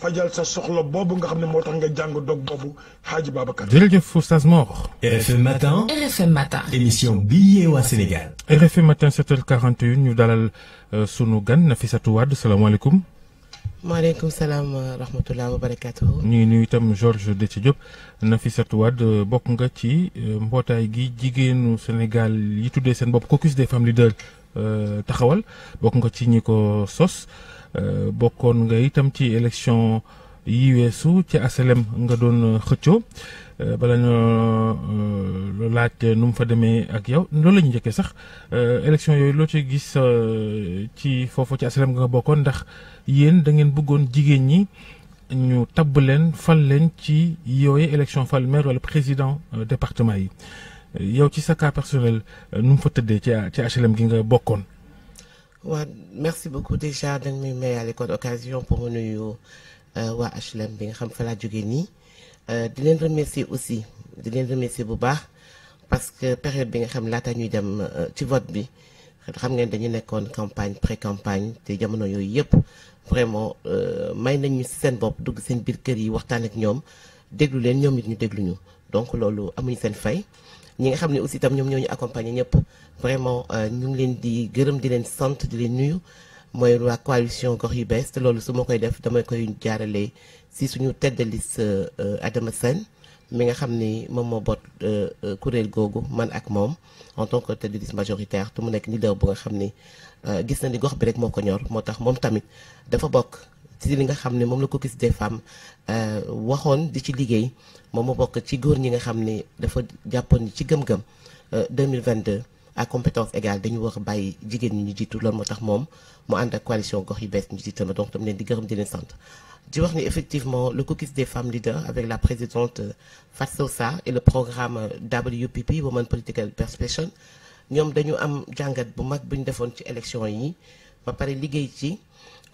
fajal sa soxla boobu nga xam ne moo tax nga jàng dog boobu Hadji Babacar. jërëjëf Oustaz Mor. RFM matin RFM matin. émission bi yee waa Sénégal. RFM matin 7 h ñu dalal euh, sunu gan Nafissatou Wade salaamaaleykum. maaleykum salaam wa rahmatulah wa barakaatu. ñu ngi nuyu itam Georges Dethié Diop Nafissatou Wade euh, bokk nga ci euh, mbootaay gi jigéenu Sénégal yi tuddee seen bopp caucus des femmes leaders taxawal bokk nga ci ñi ko sos. Euh, bokkoon nga itam ci élection yi weesu ci aselem nga doon euh, xëccoo euh, bala ñoo laaj nu mu fa demee ak yow loolu la ñu njëkkee sax élection yooyu loo ci gis ci foofu ci aselem nga bokkoon ndax yéen da ngeen bëggoon jigéen ñi ñu tabb leen fal leen ci yooyu élection fal wala président département yi yow ci sa cas personnel nu mu fa tëddee ci ci HLM gi nga bokkoon. waa merci beaucoup déjà dañ muy mayaale kon occasion pour ma nuyu euh, waa HLM bi nga xam fa laa jóge nii euh, di leen remercier aussi di leen remercier bu baax parce que période bi nga xam laata ñuy dem euh, ci vote bi xam nga ni dañu nekkoon campagne pré campagne te jamono yooyu yëpp vraiment may nañu si seen bopp dugg seen biir kër yi waxtaan ak ñoom déglu leen ñoom it ñu dégluñu donc loolu amuñu seen fay. ñi nga xam ne aussi itam ñoom ñooñu ñu accompagner vraiment euh, ñu ngi leen di gërëm di leen sant di leen nuyu mooy waa coalition gox yi bees te loolu su ma koy def damay koy jaarale si suñu tête de liste euh, Adama Sène mi nga xam ni moom moo boot euh, kuréel googu man ak moom en tant que tête de liste majoritaire te mu nekk leader bu nga xam ni gis na ni gox bi rek moo ko ñor moo tax moom tamit dafa bokk. ci li nga xam ne moom la ko gis des femmes euh, waxoon di ci liggéey moom mu bokk ci góor ñi nga xam ne dafa jàppoon ci gëm-gëm 2022 euh, à compétence égale dañu wax a bàyyi jigéen ñi ñu jiitu loolu moo tax moom mu ànd ak coalition gox yi bees ñu jiital ma donc tam leen di gërëm di leen sant di wax ni effectivement le caucus des femmes leaders avec la présidente euh, Fatou Sarr et le programme WPP Women Political Persuasion ñoom dañu am jàngat bu mag bu ñu defoon ci élection yi ba pare liggéey ci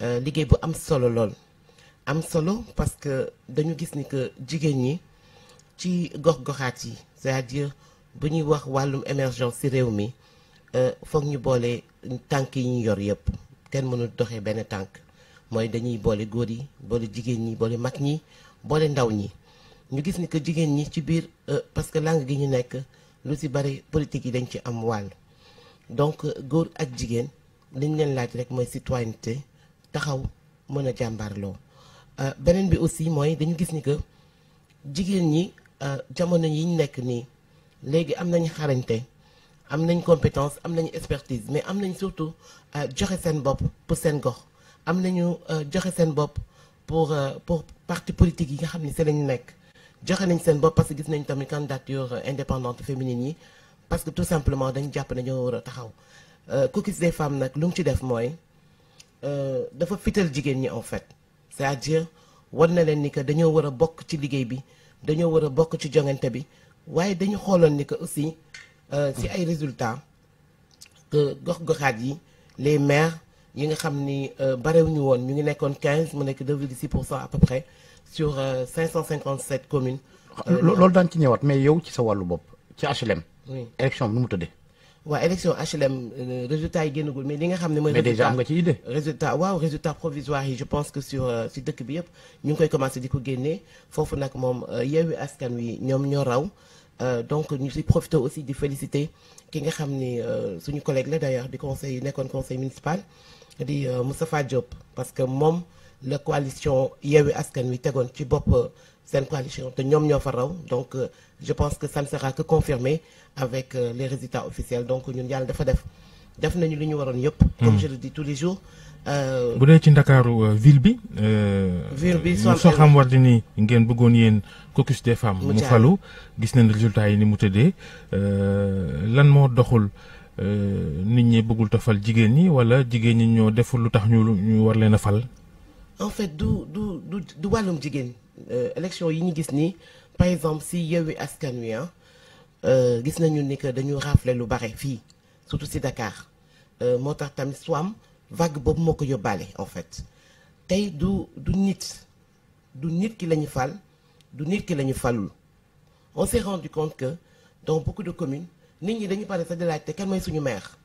Euh, liggéey bu am solo lool am solo parce que dañu gis ni que jigéen ñi ci gox-goxaat yi cest à bu ñuy wax wàllum émergence ci réew mi euh, foog ñu boole tànk yi ñu yor yëpp kenn mënul doxee benn tànk mooy dañuy boole góor yi boole jigéen ñi boole mag ñi boole ndaw ñi ñu gis ni que jigéen ñi ci biir euh, parce que langue gi ñu nekk lu ci bari politique yi dañ ci am wàll donc góor ak jigéen liñ leen laaj rek mooy citoyenneté taxaw mën a jàmbaarloo euh, beneen bi aussi mooy dañu gis ni que jigéen ñi euh, jamono yi ñu nekk nii léegi am nañ xarañte am nañ compétence am nañu expertise mais am nañ surtout euh, joxe seen bopp pour seen gox am nañu joxe seen bopp pour pour parti politique yi nga xam ni si lañu nekk joxe nañ seen bopp parce que gis nañ tamit candidature indépendante féminine yi parce que tout simplement dañu jàpp ne war a taxaw caucus des femmes nag lu mu ci def mooy Euh, dafa fital jigéen ñi en fait c'est-à-dire na leen ni que dañoo war a bokk ci liggéey bi dañoo war a bokk ci jongante bi waaye dañu xooloon ni que aussi euh, si ay résultats gox-goxaat yi les maire yi nga xam ni euh, barewuñu woon ñu ngi nekkoon quinze mu nekk 2,6 pour cent à peu près sur 557 communes. loolu daan ci ñëwaat mais yow ci sa wàllu bopp ci HLM. oui élection bi nu mu tëddee. waa élection HLM euh, résultat yi génnagul mais li nga xam ne mooy. mais déjà am nga ci idée. résultat waaw résultat provisoire yi je pense que sur euh, si dëkk bi yëpp ñu ngi koy commencé di ko génnee foofu nag moom euh, Yewwi Askan Wi ñoom ñoo raw donc ñu si profité aussi di féliciter ki nga xam ni suñu collègue la d'ailleurs di conseil nekkoon conseil municipal di Moustapha Diop parce que moom la coalition Yewwi Askan Wi tegoon ci bopp. seen coalition te ñoom ñoo fa raw donc euh, je pense que ça ne sera que confirmé avec euh, les résultats officiels donc ñun yàlla dafa def def nañu li ñu waroon yëpp. comme hmm. je le dis euh, bu dee ci ndakaaru ville bi. ville bi soo xam war di ni ngeen bëggoon yéen caucus des femmes. mu falu gis nañ résultats yi ni mu tëddee lan moo doxul. nit ñi bëggul tofal jigéen ñi wala jigéen ñi ñoo deful lu tax ñu ñu war leen a fal. en fait du du du wàllum jigéen Euh, élection yi ñu gis nii par exemple si Yewwi Askan Wi ah, euh, gis nañu ni que dañu rafle lu bare fii surtout si Dakar euh, moo tax tamit Soham vague boobu moo ko yóbbaale en fait tey du du nit du nit ki la ñu fal du nit ki la ñu falul on s'est rendu compte que dans beaucoup de commune nit ñi dañu parle sax di laajte kan mooy suñu maire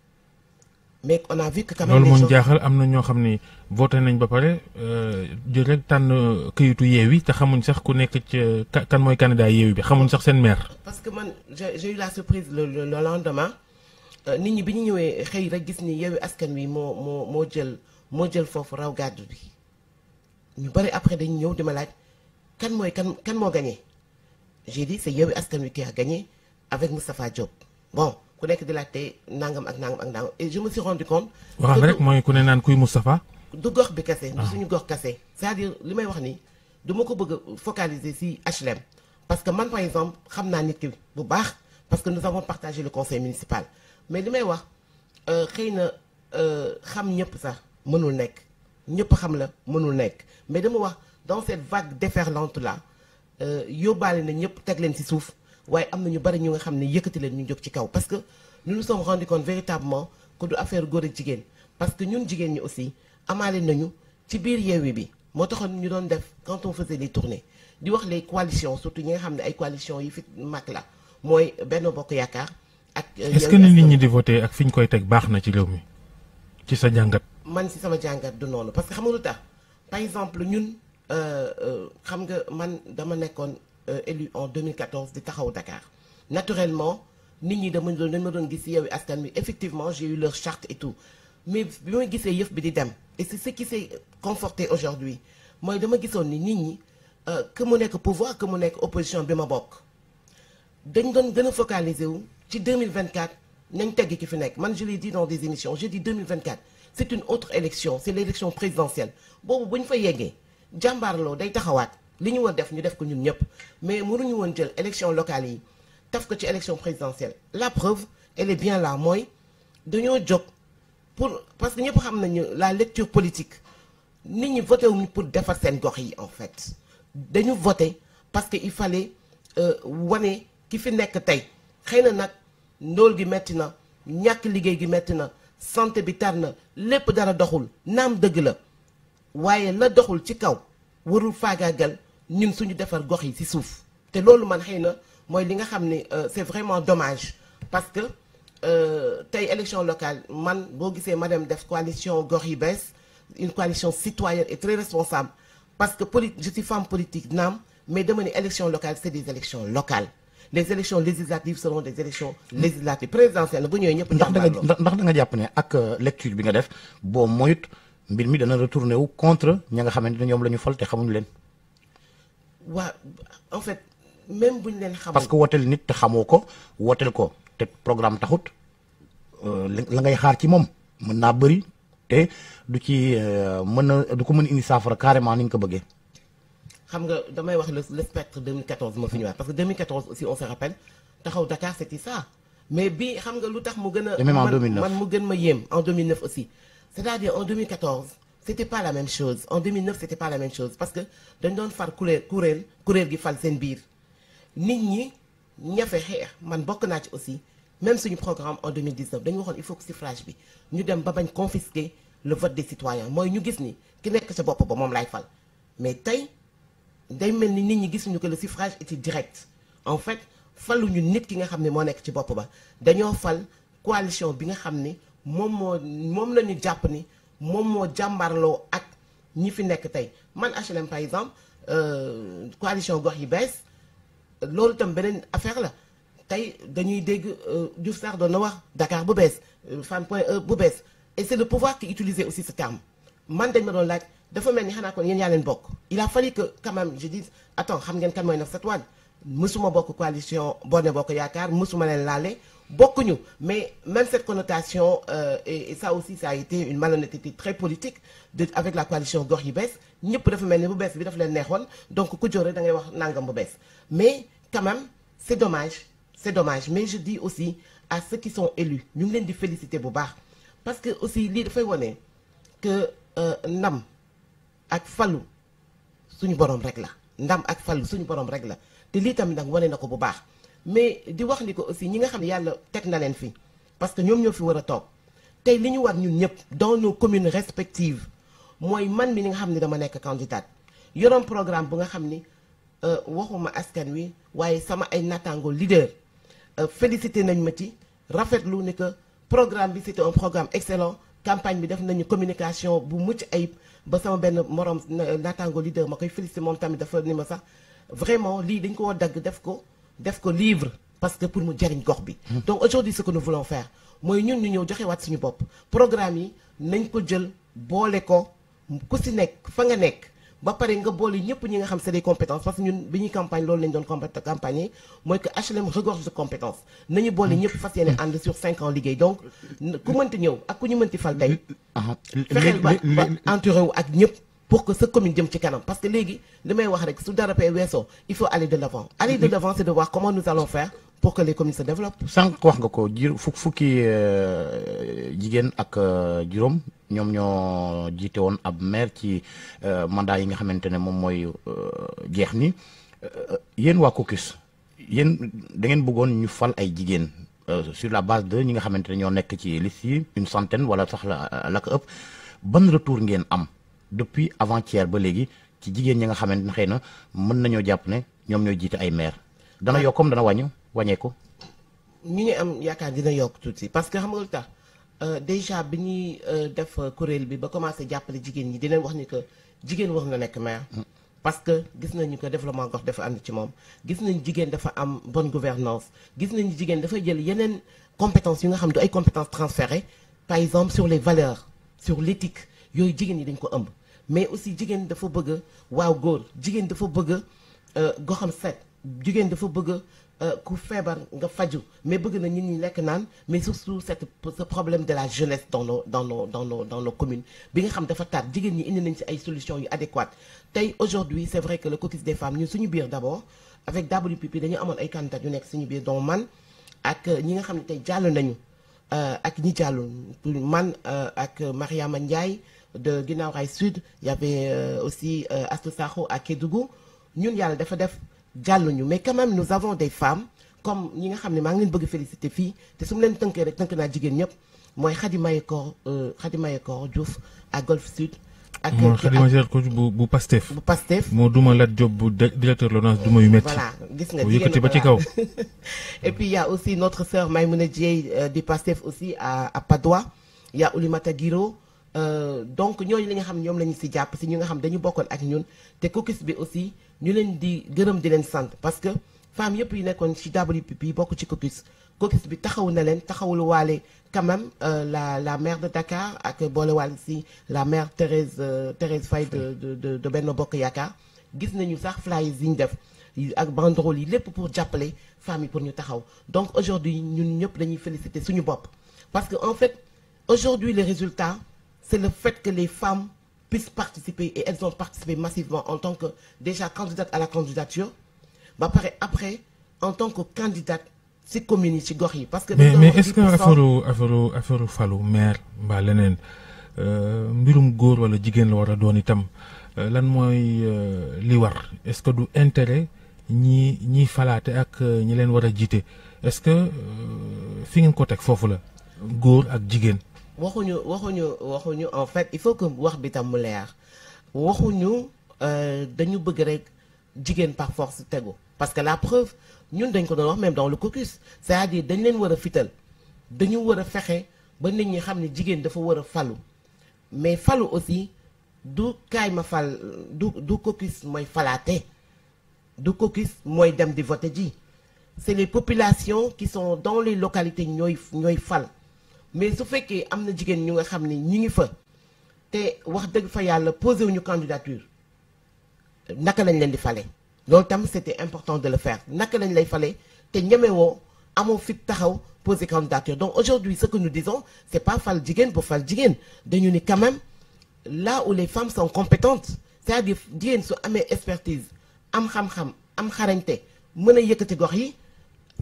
mais on a vu que quand loolu moo jaaxal am na ñoo xam ni voté nañ ba pare di euh, rek tànn këyitu Yewwi te xamuñ sax ku nekk ci kan mooy candidat Yewwi bi xamuñ sax seen maire. parce que man j'ai eu la surprise le le lendemain euh, nit ñi bi ñu ñëwee xëy rek gis ni Yewwi askan wi moo moo moo jël moo jël foofu raw gàddu bi ñu bari après dañu ñëw dima laaj kan mooy kan kan moo gagné j'ai dit c'est askan wi qui a gagné avec Moustapha Diop ku nekk di te nangam ak nangam ak nangam et je me suis rendu compte. waxal rek mooy ku ne naan kuy Moustapha. du gox bi kese. du ah. suñu gox kase saa à li may wax nii du ma ko bëgg a focaliser si HLM. parce que man par exemple xam naa nit ki bu baax parce que nous avons partagé le conseil municipal mais li may wax euh, xëy na euh, xam ñëpp sax mënul nekk ñëpp xam la mënul nekk mais dama wax dans cette vague déferlante là euh, yóbbaale na ñëpp teg leen si suuf. waaye am na ñu bari ñu nga xam ne yëkkati leen ñu jóg ci kaw parce que nous nous sommes rendu compte véritablement que du affaire góor ak jigéen parce que ñun jigéen ñi aussi amaale nañu ci biir yeewi bi moo taxoon ñu doon def quand on faisait les di wax les coalitions surtout ñu nga xam ne ay coalitions yi fi mag la mooy Benno Bokk Yaakaar ak. Euh, est-ce que ni nit ñi di voté ak fi ñu koy teg baax na ci réew mi ci sa jàngat. man si sama jàngat du noonu parce que xam nga lu tax euh, euh, xam nga man dama nekkoon. Euh, élu en 2014 di taxaw Dakar naturellement nit ñi dama doon dañ ma doon gis Yewwi Askan bi effectivement j'ai eu leur charte et mais bi ma gisee yëf bi di dem et c'est ce qui s'est aujourd'hui mooy dama gisoon ni nit ñi euh, que mu nekk pouvoir que mu nekk opposition bi ma bokk dañ doon gën a focaliser wu ci 2024 nañ tegg ki fi nekk man je l'ai dit dans des émissions j'ai dit 2024 c'est une autre élection c'est l'élection présidentielle boobu bu ñu fa yeggee jàmbaarloo day taxawaat li ñu woon def ñu def ko ñun ñëpp mais mënuñu woon jël élection locale yi taf ko ci élection présidentielle la preuve elle bien là mooy dañoo jóg pour parce que ñëpp xam nañu la lecture politique nit ñi voté wuñu pour defar seen gox yi en fait dañu voté parce que il fallait euh, wane ki fi nekk tey xëy na nag ndóol gi metti na ñàkk liggéey gi metti na santé bi tar na lépp dara doxul naam dëgg la waaye la doxul ci kaw warul faagaagal ñun suñu defar gox yi ci suuf te loolu man xëy na mooy li nga xam ne euh, c'est vraiment dommage parce que euh, tey élection locale man boo gisee madame def coalition gox yi bees une coalition citoyenne et très responsable parce que poli je suis femme politique naam mais dama ne élection locale c'est des élections locales les élections législatives seront des élections législatives présidentielles bu ñëwee ñëpp. ndax da nga ndax da nga jàpp ne ak euh, lecture bi nga def boo moyut mbir mi dana retourné wu contre ña nga xamante ne ñoom la ñu fal te leen. waa en fait bu ñu leen xamul. parce que wooteel nit te xamoo ko wooteel ko te programme taxut euh, la ngay xaar ci moom mën naa bëri te du ci euh, mën a du ko mën indi saafara carrément ni nga ko bëggee. xam nga damay wax le le spectre 2014 moo fi ñëwaat parce que 2014 aussi on se rappelle taxaw Dakar c'était ça mais bii xam nga lu tax mu gën a. man mu gën ma yéem en 2009 aussi c'est-à-dire en c'était pas la même chose en 2009 c'était pas la même chose parce que dañ doon far kuréel kuréel gi fal seen biir nit ñi ñafe xeex man bokk naa ci aussi même suñu programme en 2019 dañu waxoon il faut que suffrage bi ñu dem ba bañ confisquer le vote des citoyens mooy ñu gis ni ki nekk sa bopp ba moom laay fal mais tey day mel ni nit ñi gisuñu que la suffrage était direct en fait faluñu nit ki nga xam ne moo nekk ci bopp ba dañoo fal coalition bi nga xam ni moom moo moom la ñu jàpp ni moom moo jàmbarloo ak ñi fi nekk tey man HLM par exemple euh, coalition gox yi bees loolu tam beneen affaire la tey dañuy dégg euh, Diouf Sarr doon na wax dakaar bu bees euh, Fann Point e bu bees et c'est le pouvoir qui utilisait aussi ce terme man dañ ma doon laaj dafa mel ni xanaa kon yéen yaa leen bokk il a fallu que quand même je dise attends xam ngeen kan mooy Nafissatou Wade mësuma bokk coalition boo Bokk Yaakaar mësuma leen laale bokkuñu mais même cette connotation euh, et, et ça aussi ça a été une malhonnêteté très politique de avec la coalition gox yi bees ñëpp dafa mel ni bu bees bi dafa leen neexoon donc ku jóore da ngay wax nangam bu bees mais quand même c'est dommage mais je aussi à ceux qui sont élus ñu ngi leen di féliciter bu baax parce que aussi lii dafay wone que euh, ndam ak falu suñu borom rek la ndam ak falu suñu borom rek la te lii tamit nag wane na ko bu baax mais di wax ni ko aussi ñi nga xam ne yàlla teg na leen fi parce que ñoom ñoo fi war a toog tey li ñu war ñun ñëpp dans nos communes respectives mooy man mi ni nga xam ne dama nekk candidate yoroon programme bu nga xam ni euh, waxuma askan wi waaye sama ay nattaango leader euh, félicité nañ ma ci rafetlu ni que programme bi c'était un programme excellent campagne bi def nañu communication bu mucc ayib ba sama benn morom nattaango leader ma koy félicité moom tamit dafa ni ma sax vraiment lii dañ ko dagg def ko def ko livre parce que pour mu jariñ gox bi. Mm. donc aujourd'hui ce que nous voulons mooy ñun ñu ñëw joxe waat suñu bopp programme yi nañ ko jël boole ko ku si nekk fa nga nekk. ba pare nga boole ñëpp ñi nga xam c'est des compétences parce que ñun bi ñuy campagne loolu lañ doon campagne mooy que HLM regorge de compétences nañu boole ñëpp fas yéene ànd sur cinq ans liggéey donc ku mënti ñëw ak ku ñu mënti fal tey. Ah, fexeel ba entouré wu ak ñëpp. pour que sa commune jëm ci kanam parce que léegi li may wax rek su dara pay weesoo il faut aller de l'avant aller de l'avant c'est de voir comment nous allons faire pour que les communes se développent. sànq wax nga ko ji fukk fukki euh, jigéen ak euh, juróom ñoom ñoo jiite woon ab maire ci euh, mandat yi nga xamante ne moom mooy jeex ni yéen waa caucus yéen da ngeen bëggoon ñu fal ay jigéen sur la base de ñi nga xamante ne ñoo nekk ci liste yi une centaine wala sax la ëpp ban retour ngeen am. depuis avant-hier ba léegi ci jigéen ñi nga xamante ne xëy na mën nañoo jàpp ne ñoom ñooy jiite ay maire dana ah. yokk comme dana wàññi wàññeeku. ñu ngi am yaakaar dina yokk tuuti parce que xam nga lu tax euh, déjà bi ñuy euh, def kuréel bi ba commencé jàppale jigéen ñi dinañ wax ni que jigéen wax nga nekk maire. Mm. parce que gis nañu ko développement gox dafa ànd ci moom gis nañu jigéen dafa am bonne gouvernance gis nañu jigéen dafay jël yeneen compétence yu nga xam du ay compétence transférées par exemple sur les valeurs sur l'éthique yooyu jigéen ñi dañ ko ëmb mais aussi jigéen dafa bëgg waaw góor jigéen dafa bëgg euh, goxam set jigéen dafa bëgg euh, ku feebar nga faju mais bëgg na ñu ñi lekk naan mais surtout cette ce problème de la jeunesse dans nos dans nos dans nos dans bi nga xam dafa taat jigéen ñi indi nañ si ay solution yu adéquates tey aujourd'hui c'est vrai que le caucus des femmes ñun suñu biir d'abord avec WPP dañu amoon ay candidats yu nekk ñu biir doomu man ak euh, ñi nga xam ne tey jàll nañu ak ñi jàllul man ak Mariama Ndiaye de Guinaw Rail Sud y avait euh, aussi astu euh, Astou Sakho à Kédougou ñun yàlla dafa def jàlluñu mais quand même nous avons des femmes comme ñi nga xam ne maa ngi leen bëgg féliciter fii te su mu leen tënkee rek tënk naa jigéen ñëpp mooy Khady Mayekor euh, Khady Mayekor Diouf à Golf Sud ak moom Khadima Gerkoch bu bu Pastef. bu Pastef moo duma Lat Diop bu directeur l'ONAS duma yu métti. voilà gis nga yëkkati ba ci kaw. et puis y' a aussi notre sœur Maïmouna Dieye du Pastef aussi à à Padoua y' a Oulimata Guiro Euh, donc ñooñu li nga xam ñoom la ñu si jàpp si ñi nga xam dañu bokkoon ak ñun te caucus bi aussi ñu leen di gërëm di leen sant parce que femmes yëpp yu nekkoon ci WPP bokk ci caucus caucus bi taxaw na leen taxawul waale quand même euh, la la maire de Dakar ak boole waale si la maire Thérèse euh, Thérèse Faye de de de Benno Bokk Yaakaar gis nañu sax flyers yi ñu def ak banderole yi lépp pour jàppale femmes yi pour ñu taxaw donc aujourd'hui ñun ñëpp dañuy félicité suñu bopp c'est le fait que les femmes puissent participer et elles ont participé massivement en tant que déjà candidate à la candidature ba pare après en tant que candidate ci commune yi ci gox yi. parce que mais mais est-ce que affaire affaire affaire falu maire mbaa leneen euh, mbirum góor wala jigéen la war a doon itam euh, lan mooy euh, li war est-ce que du intérêt ñi ñiy falaate ak ñi leen war a jiite est-ce que fi ngeen ko teg foofu la góor ak jigéen. waxuñu waxuñu waxuñu en fait il faut wax bi tam mu leer waxuñu euh, dañu bëgg rek jigéen par force tegu parce que la preuve ñun dañ ko doon wax même dans le caucus c'est-à-dire dañ leen war a fital dañu war a fexe ba nit ñi xam ne jigéen dafa war a falu mais falu aussi du kaay ma fal du du caucus mooy falaate du caucus mooy dem di vote ji c'est les populations qui sont dans les localités ñooy fal mais su fekkee am na jigéen ñu nga xam ni ñi ngi fa te wax dëgg fa yàlla posé wuñu candidature naka lañ leen di fale loolu tam c'était important de le faire naka lañ lay fale te ñemewoo amoo fit taxaw posé candidature donc aujourd'hui ce que nous disons c'est pas fal jigéen pour fal jigéen dañu ni quand même là où les femmes sont compétentes cest à jigéen su amee expertise am xam-xam am xarañte mën a yëkkati gox yi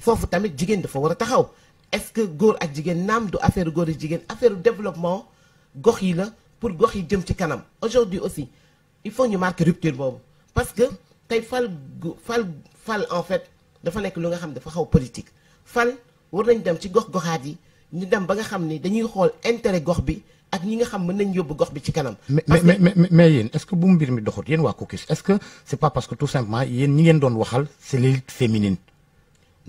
foofu tamit jigéen dafa war a taxaw est-ce que góor ak jigéen naam du affaire góor ak jigéen affaire développement gox yi la pour gox yi jëm ci kanam aujourd'hui aussi il faut ñu marquer rupture boobu parce que tey fal fal fal en fait dafa nekk lu nga xam dafa xaw politique fal war nañ dem ci gox goxaat yi ñu dem ba nga xam ni dañuy xool intérêt gox bi ak ñi nga xam mën nañ yóbbu gox bi ci kanam. parce que mais mais mais est-ce que mbir mi doxut yéen waa Caucus est-ce que c'est pas parce que tout simplement ngeen doon waxal c'est l'élite féminine.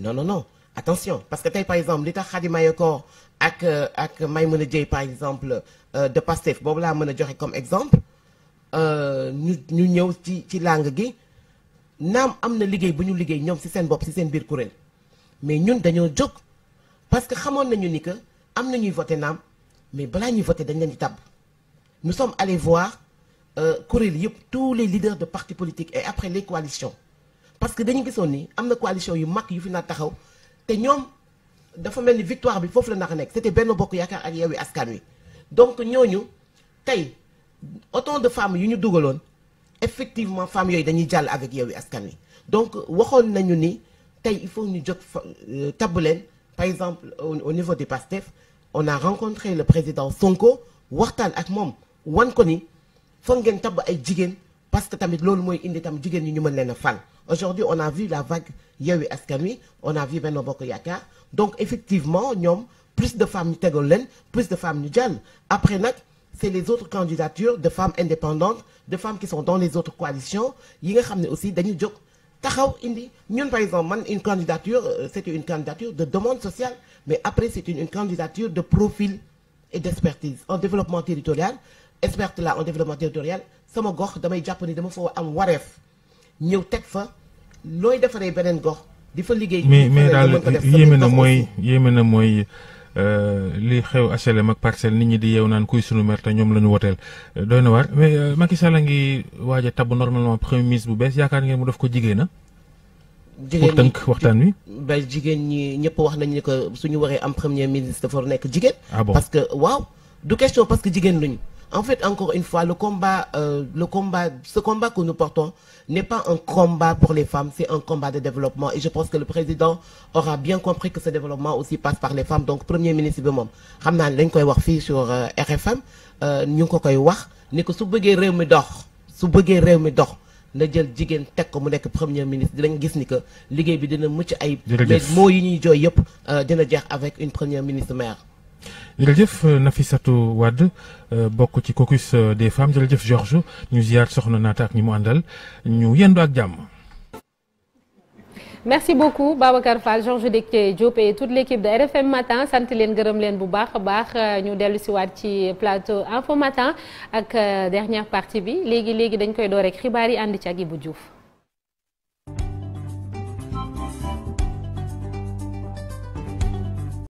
non non attention parce que tey par exemple li tax Khady Mayakor ak euh, ak a Dièye par exemple euh, de Pastef boobu laa mën a joxe comme exemple euh, ñu ñu ñëw ci ci langue gi naam am na liggéey bu ñu liggéey ñoom si seen bopp si seen biir kuréel mais ñun dañoo jóg parce que xamoon nañu ni que am na ñuy voté naam mais balaa ñuy voté dañ leen di tàbb nous sommes allés voir kuréel yëpp tous les leaders de partis politiques et après les coalitions parce que dañu gisoon ni am na coalition yu mag yu fi naa taxaw te ñoom dafa mel ni victoire bi foofu la naka nekk c'était benn Bokk Yaakaar ak Yewwi Askan Wi donc ñooñu tey autant de femmes yu ñu dugaloon effectivement femmes yooyu dañuy jàll avec Yewwi Askan Wi donc waxoon nañu ni tey il faut ñu jot euh, tabb leen par exemple au niveau du PASTEF on a rencontré la président Sonko waxtaan ak moom wan ko ni foog ngeen tabb ay jigéen parce que tamit loolu mooy indi tam jigéen ñi ñu mën leen a fal aujourd'hui on a vu la vague Yewwi Askan Wi on a vu Benno Bokk Yaakaar donc effectivement ñoom plus de femmes ñu tegal leen plus de femmes ñu jàll après nag c'est les autres candidatures de femmes indépendantes de femmes qui sont dans les autres coalitions yi nga xam ne aussi dañu jóg taxaw indi ñun par exemple man une candidature euh, c'était une candidature de demande sociale mais après c'est une, une candidature de profil et d'expertise en développement territorial experte là en développement territorial gox damay jàpp ni dama foo am wareef ñëw teg fa looy defaree beneen gox di fa liggéey. mais mais daal yéeme na mooy yéeme na mooy li xew HLM ak parcelle nit ñi di yeew naan kuy suñu mer ñoom la ñu woteel doy na waar mais euh, Macky Sall a ngi waaj a tabb normalement premier ministre bu bees yaakaar ngeen mu def ko jigéena a jigéen waxtaan wi. ba jigéen ñi ñëpp wax nañu ne que suñu waxee am premier ministre dafa nekk jigéen. Ah parce que waaw du question parce que jigéen luñu. En fait, encore une fois, le combat, euh, le combat, ce combat que nous portons n'est pas un combat pour les femmes, c'est un combat de développement. Et je pense que le président aura bien compris que ce développement aussi passe par les femmes. Donc, premier ministre bi moom xam naa dañ koy wax fii sur euh, RFM euh, ñu ngi ko koy wax ni ko su bëggee réew mi dox su bëggee réew mi dox na jël jigéen teg ko mu nekk premier ministre dinañ gis ni que liggéey bi dina mucc ay mais moo yi ñuy jooy yëpp euh, dina jeex avec une première ministre mère. jërëjëf Nafissatou Wade euh, bokk ci caucus euh, des femmes jëf Georges ñu ziar soxna naata ak ñi mu àndal ñu yendu ak jàmm. merci beaucoup Babacar Fall Georges Dicté Diop et toute l' leen gërëm leen bu baax a baax ñu dellu si ci plateau Info Matin ak euh, dernière partie bi léegi léegi dañ koy door rek xibaar yi àndi ci ak Ibou Diouf.